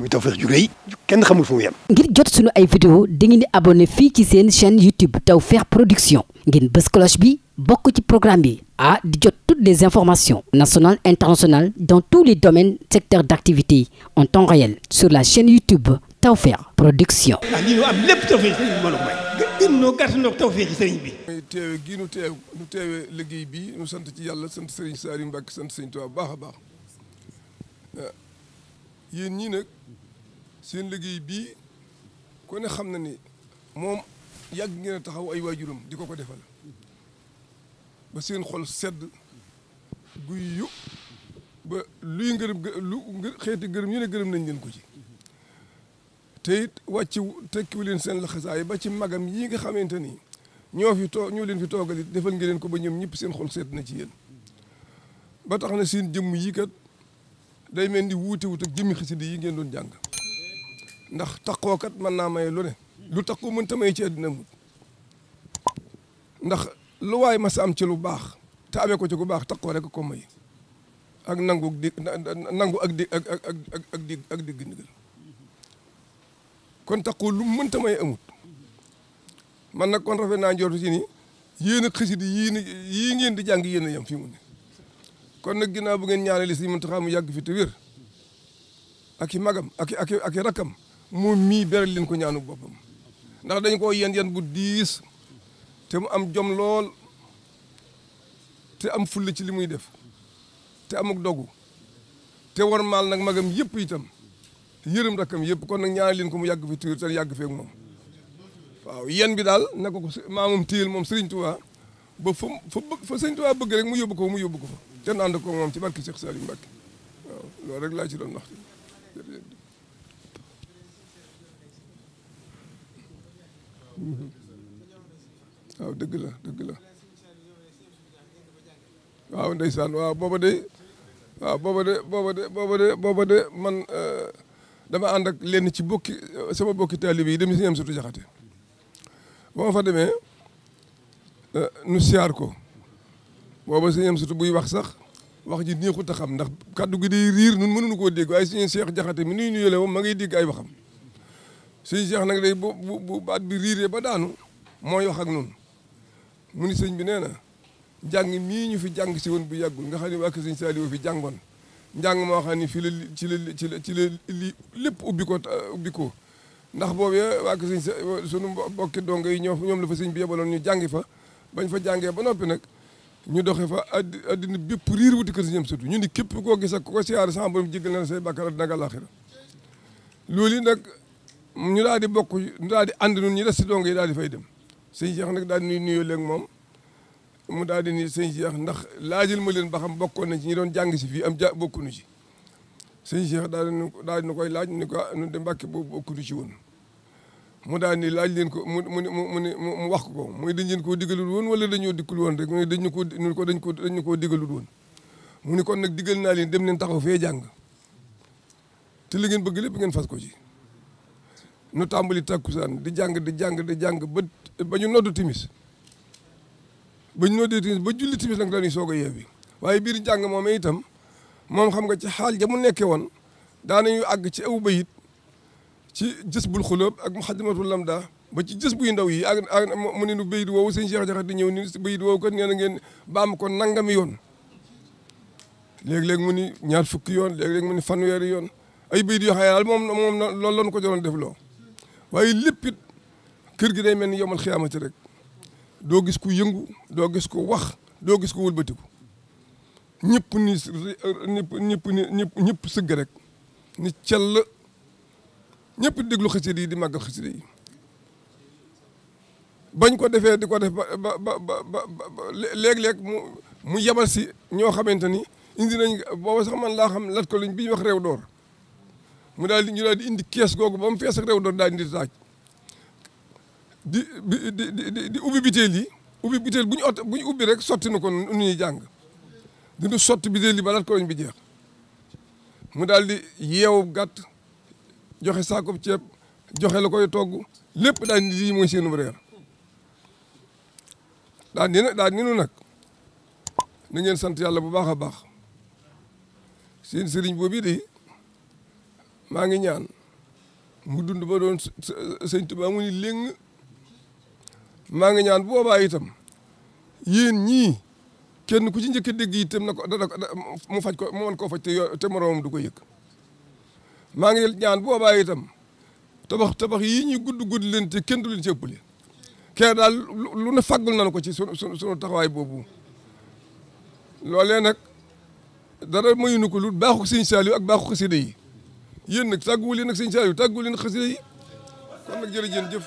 muy Tawfekh ju rëy kenn xamul fu mu yem. ngir jot sunu ay vidéo dangeen di abonné fii ci seen chaîne YouTube Tawfekh Production ngeen bës cloche bi bokk ci programme bi ah di jot toutes des informations national internationales dans tous les domaines secteurs d'activité en temps réel sur la chaîne YouTube Tawfekh Production. ah lii ñu am lépp Tawfekh sëriñ bi mbooloo mooy. gën gën ñoo gàtt ñoo Tawfekh sëriñ bi. mooy teewe gii nu teew nu teewee liggéey bi nu sant ci yàlla sant Serigne Saliou Mbacke sant Serigne Touba baax a baax. yéen ñii nag seen liggéey bii kon ne xam na ni moom yàgg ngeen a taxaw ay waajuram di ko ko defal ba seen xol sedd guy yu ba luy ngërëm lu xeeti gërëm yu ne gërëm nañ leen ko ci te it wàcc tekkiwu leen seen laxasaay ba ci magam yii nga xamante ni ñoo too ñoo leen fi toogal it defal ngeen leen ko ba ñoom ñëpp seen xol sedd na ci yéen ba tax na seen jëmm yi kat day mel ni wuute wuute ak jëmmi xasida yi ngeen doon jàng ndax kat mën naa may lu ne lu takku mënta may ci àddina mut ndax lu waay mas am ci lu baax te amee ko ci ku baax takkoo rek ko may ak nangu di ak di ak ak ak ak di ak digg ndigal kon takkoo lu mënta may amut man nag kon rafet naa njortu ci ni yéen a xasida yii yii ngeen di jàng yéen a yem fi mu kon nag ginnaaw bu ngeen ñaanalee mun Muntaxa mu yàgg fi te wér magam ak i ak i ak i rakkam moom mii beral leen ko ñaanu boppam ndax dañ koo yen yen bu diis te mu am jom lool te am fulla ci li muy def te amuk dogu te war maal nag magam yëpp itam yërëm rakkam yëpp kon nag ñaanal leen ko mu yàgg fi tuur te yàgg feeg moom waaw yen bi daal na ko maamam téyel moom Sëriñ Tuubaa ba fa bëgg fa Sëriñ Tuubaa bëgg rek mu yóbbu ko mu yóbbu ko fa te ànd ko moom ci barke Cheikh Saliou Mbacke waaw loolu rek laa ci doon wax waaw dëgg la dëgg la waaw ndeysaan waaw booba de waaw booba de booba de booba de booba de man eh, dama ànd ak lenn ci bokki sama bokki taalibe yi dem si ñoom surtout jaxate ba ma fa demee eh, nu siyaar ko booba sëñ am sutu buy wax sax wax ji neexut a xam ndax kaddu gi day riir nun mënuñu koo dégg waaye sëñ Cheikh Jaxate mi nuy nuyoo moom ma yi dégg ay waxam sëñ Cheikh nag day bu bu baat bi riiree ba daanu mooy wax ak nun mun ni sëñ bi nee na njàng mii ñu fi jàng si woon bu yàggul nga xam ne waa kër sëñ Saliou fi jàngoon njàng moo xam ne fii la ci la ci la ci la li lépp ubbi ko ndax boobu waa kër sëñ sunu dongo yi ñoo ñoom la fa sëñ bi ñu jàngi fa bañ fa jàngee ba noppi nag ñu doxe fa addina bépp riir wuti kër si ñoom surtout ñu ni képp koo gis ak ko siyaar sama borom jéggal na say bàkkaar addina ak àllaaxira loolu ñu daal di bokk ñu daal di ànd nun ñu des si dong yi daal di fay dem sëñ Cheikh nag daal di nuy nuyoo léegi moom mu daal di ni sëñ ndax laajal ma leen ba xam bokkoon nañ ci ñi doon jàng si fii am ja bokkunu ci sëñ Cheikh daal di daal di koy laaj ni ko nu de mbàkke boobu bokkunu ci woon mu daal ni laaj leen ko mu mu mu mu wax ko muy dañ leen koo digalul woon wala dañoo dikkul woon rek mu dañ ñu ko ñu ko dañ ko dañ koo digalul woon mu ni kon nag digal naa leen dem leen taxaw fee jàng te li bëgg lépp ngeen fas ko ci nu tàmbali takkusaan di jàng di jàng di jàng ba ba ñu noddu timis ba ñu noddu timis ba julli timis nag dañuy soog a waaye biir jàng moom itam moom xam nga ci xaal ja mu nekkee woon daanañu àgg ci aw bayit ci jës bul xulóob ak muxadimatul daa ba ci jës buy ndaw yi ak ak mu ne nu bayit woowu sëñ Cheikh Jaxate di ñëw ni bayit woowu kat nee na ngeen baam ko nangami yoon léeg-léeg mu ni ñaar fukki yoon léeg-léeg mu ni fanweeri yoon ay bayit yoo xam ne daal moom moom loolu lañ ko doon def loo waaye lépp kër gi day mel ni yomal xiyaamati rek doo gis ku yëngu doo gis ku wax doo gis ku wëlbatiku ñëpp ni ñëpp ni ñëpp ñëpp rek ni cell ñëpp di déglu xasida yi di màggal xasida bañ ko defee di ko def ba ba ba ba mu mu yebal si ñoo xamante ni indi nañ booba sax man laa xam lat ko liñ bi ñu wax réew door mu daal di ñu daal di indi kees googu ba mu fees ak réew door daal di taaj di di di di ubbi biteel yi ubbi biteel bu ñu ot bu ñu ubbi rek sotti na ko nu ñuy jàng dina sotti biteel yi ba lat ko bi jeex mu daal di yeewu gàtt. joxe saakoob ceeb joxe ko koy togg lépp daal di lii mooy seenum reer daal di daal nag na ngeen sant yàlla bu baax a baax seen sëriñ boobu de maa ngi ñaan mu dund ba doon sëñ Tuubaa mu ni léng maa ngi ñaan boobaa itam yéen ñii kenn ku ci njëkk a dégg itam na ko mu faj ko mu mën koo faj te te moroomam du ko yëg. maa ngi ñaan boobaa itam tabax tabax yii ñu gudd gudd leen te kenn du leen ci ëppale kenn daal lu ne fàggul nañu ko ci sunu taxawaay boobu loolee nag dara mayuñu ko lu baaxu sëñ Saliou ak baaxu xasida yi yéen nag tàgguwu leen ak sëñ Saliou tàgguwu leen xasida yi kon nag jërëjëf jëf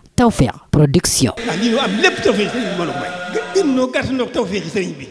Tawfekh Production. ndax ah, lii am lépp tawfeex sëriñ bi mën a may. gën noo gàtt noo tawfeex sëriñ bi.